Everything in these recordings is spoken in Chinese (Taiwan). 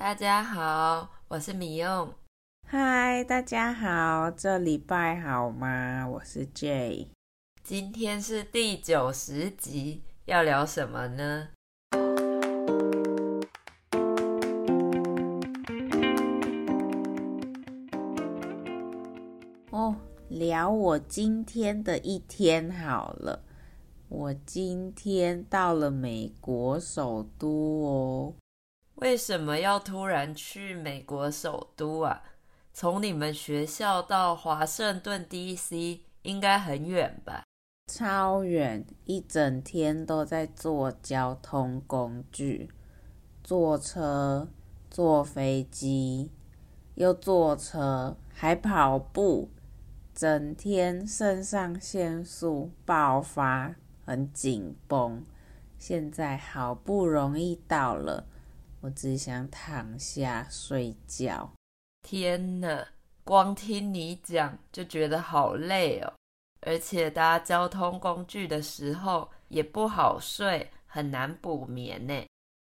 大家好，我是米用。嗨，大家好，這禮拜好嗎？我是 Jay。今天是第九十集，要聊什麼呢？哦，聊我今天的一天好了。我今天到了美國首都哦。為什麼要突然去美國首都啊？從你們學校到華盛頓 D.C. 應該很遠吧？超遠，一整天都在坐交通工具，坐車、坐飛機，又坐車，還跑步，整天腎上腺素爆發，很緊繃。現在好不容易到了。我只想躺下睡覺。天哪，光聽你講就覺得好累哦。而且搭交通工具的時候也不好睡，很難補眠欸。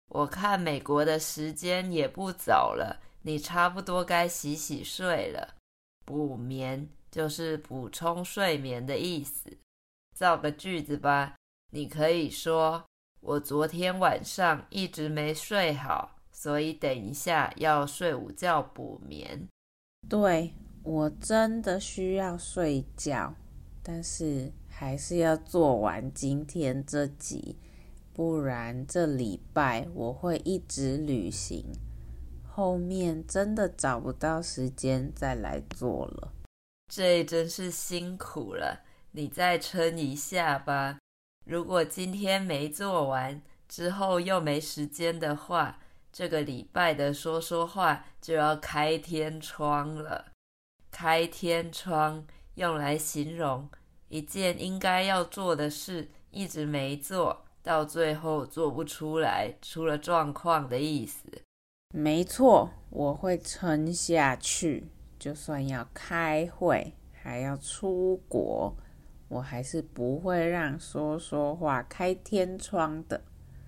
我看美國的時間也不早了，你差不多該洗洗睡了。補眠就是補充睡眠的意思。造個句子吧，你可以說。我昨天晚上一直沒睡好，所以等一下要睡午覺補眠。對，我真的需要睡覺，但是還是要做完今天這集，不然這禮拜我會一直旅行，後面真的找不到時間再來做了。這真是辛苦了，你再撐一下吧。如果今天沒做完，之後又沒時間的話，這個禮拜的說說話就要開天窗了。開天窗用來形容一件應該要做的事一直沒做，到最後做不出來，出了狀況的意思。沒錯，我會撐下去，就算要開會，還要出國。我還是不會讓說說話開天窗的。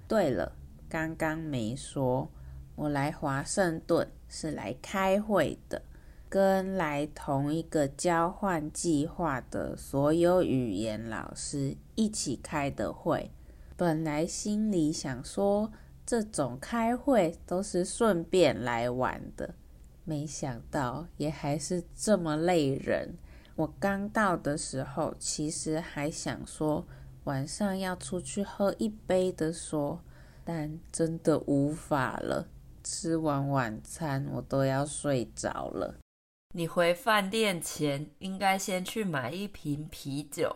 對了，剛剛沒說，我來華盛頓是來開會的，跟來同一個交換計劃的所有語言老師一起開的會。本來心裡想說，這種開會都是順便來玩的，沒想到也還是這麼累人。我剛到的時候，其實還想說晚上要出去喝一杯的說，但真的無法了。吃完晚餐，我都要睡着了。你回飯店前，應該先去買一瓶啤酒，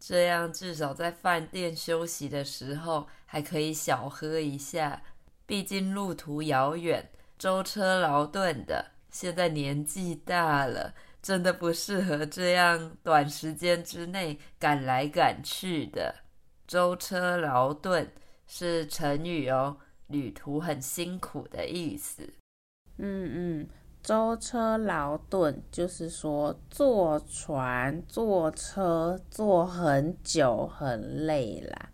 這樣至少在飯店休息的時候還可以小喝一下。畢竟路途遙遠，舟車勞頓的，現在年紀大了。真的不適合這樣，短時間之內趕來趕去的。舟車勞頓是成語哦，旅途很辛苦的意思。嗯嗯，舟車勞頓就是說坐船、坐車坐很久很累啦。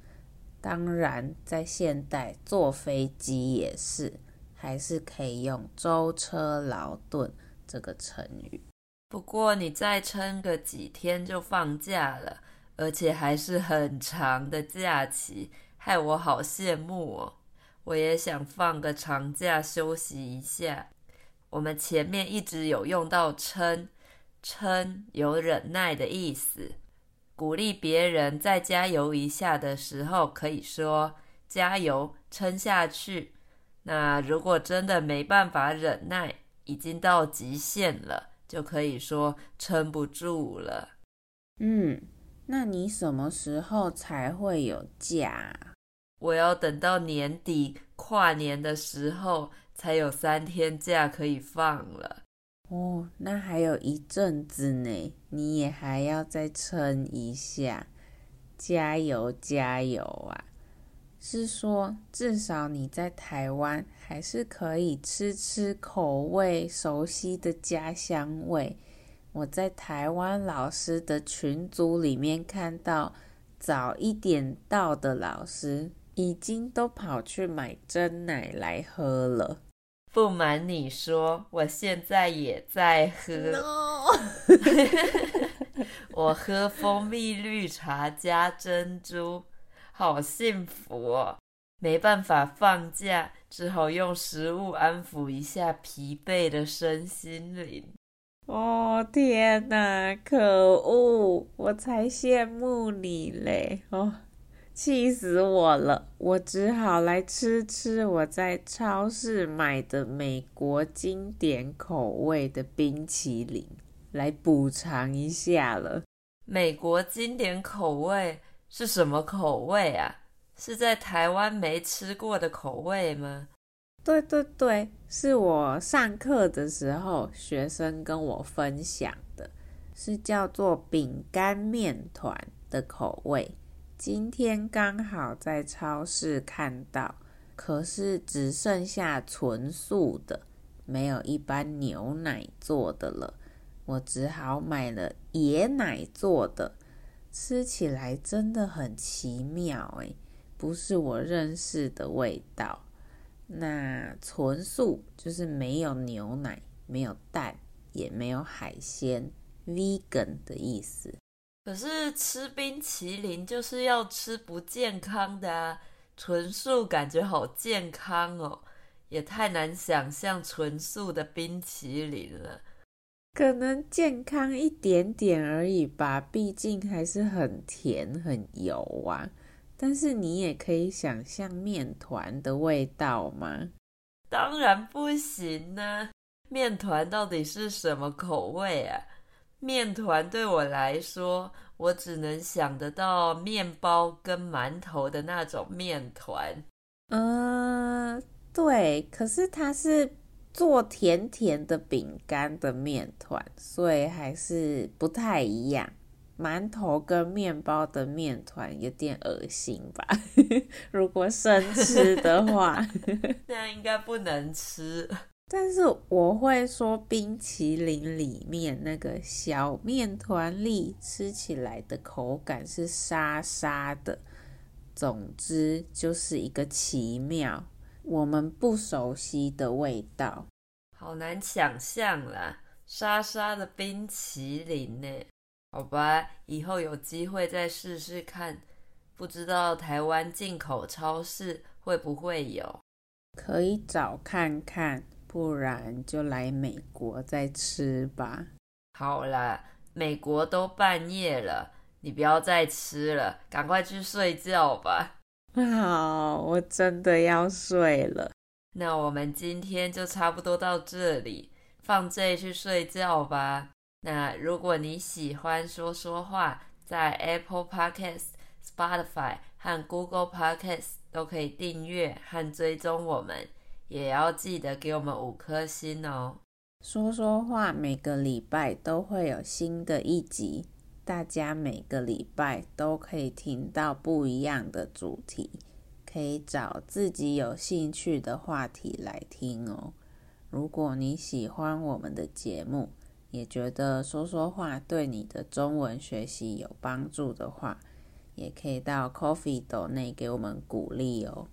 當然，在現代坐飛機也是，還是可以用舟車勞頓這個成語。不過你再撐個幾天就放假了，而且還是很長的假期，害我好羨慕哦！我也想放個長假休息一下。我們前面一直有用到“撐”，“撐”有忍耐的意思。鼓勵別人再加油一下的時候，可以說“加油，撐下去”。那如果真的沒辦法忍耐，已經到極限了。就可以說撐不住了。嗯，那你什麼時候才會有假？我要等到年底跨年的時候才有三天假可以放了。哦，那還有一陣子呢，你也還要再撐一下。加油，加油啊！是說，至少你在台灣還是可以吃吃口味熟悉的家鄉味。我在台灣老師的群組裡面看到，早一點到的老師已經都跑去買珍奶來喝了。不瞞你說，我現在也在喝，No! 我喝蜂蜜綠茶加珍珠。好幸福哦！沒辦法放假，只好用食物安撫一下疲憊的身心靈。哦，天哪，可惡！我才羨慕你嘞！哦，氣死我了！我只好來吃吃我在超市買的美國經典口味的冰淇淋，來補償一下了。美國經典口味。是什麼口味啊？是在台灣沒吃過的口味嗎？對對對，是我上課的時候學生跟我分享的，是叫做餅乾麵團的口味。今天剛好在超市看到，可是，只剩下純素的，沒有一般牛奶做的了。我只好買了椰奶做的。吃起來真的很奇妙哎，不是我認識的味道。那純素就是沒有牛奶、沒有蛋、也沒有海鮮，vegan 的意思。可是吃冰淇淋就是要吃不健康的啊！純素感覺好健康哦，也太難想象純素的冰淇淋了。可能健康一點點而已吧，畢竟還是很甜，很油啊。但是你也可以想象麵糰的味道嗎？當然不行呢、啊。麵糰到底是什麼口味啊？麵糰對我來說，我只能想得到麵包跟饅頭的那種麵糰。嗯、呃，對。可是它是。做甜甜的餅乾的麵團，所以還是不太一樣。饅頭跟麵包的麵團有點噁心吧，如果生吃的話。 這樣應該不能吃。但是我會說，冰淇淋裡面那個小麵團粒吃起來的口感是沙沙的。總之就是一個奇妙。我們不熟悉的味道，好難想象啦！沙沙的冰淇淋誒，好吧，以後有機會再試試看。不知道台灣進口超市會不會有，可以找看看，不然就來美國再吃吧。好啦，美國都半夜了，你不要再吃了，趕快去睡覺吧。好，oh，我真的要睡了。那我們今天就差不多到這裡，放這去睡覺吧。那如果你喜歡說說話，在 Apple Podcasts、Spotify 和 Google Podcasts 都可以訂閱和追蹤我們，也要記得給我們五顆星哦。說說話每個禮拜都會有新的一集。大家每個禮拜都可以聽到不一樣的主題，可以找自己有興趣的話題來聽哦。如果你喜歡我們的節目，也覺得說說話對你的中文學習有幫助的話，也可以到 Ko-fi 斗內給我們鼓勵哦。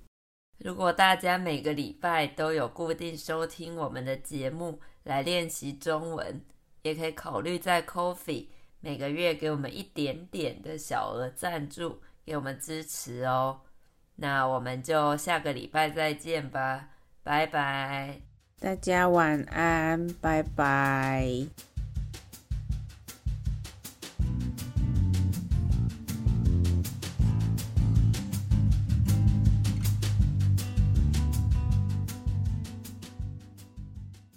如果大家每個禮拜都有固定收聽我們的節目來練習中文，也可以考慮在 Ko-fi。每個月給我們一點點的小額贊助，給我們支持哦。那我們就下個禮拜再見吧，拜拜。大家晚安，拜拜。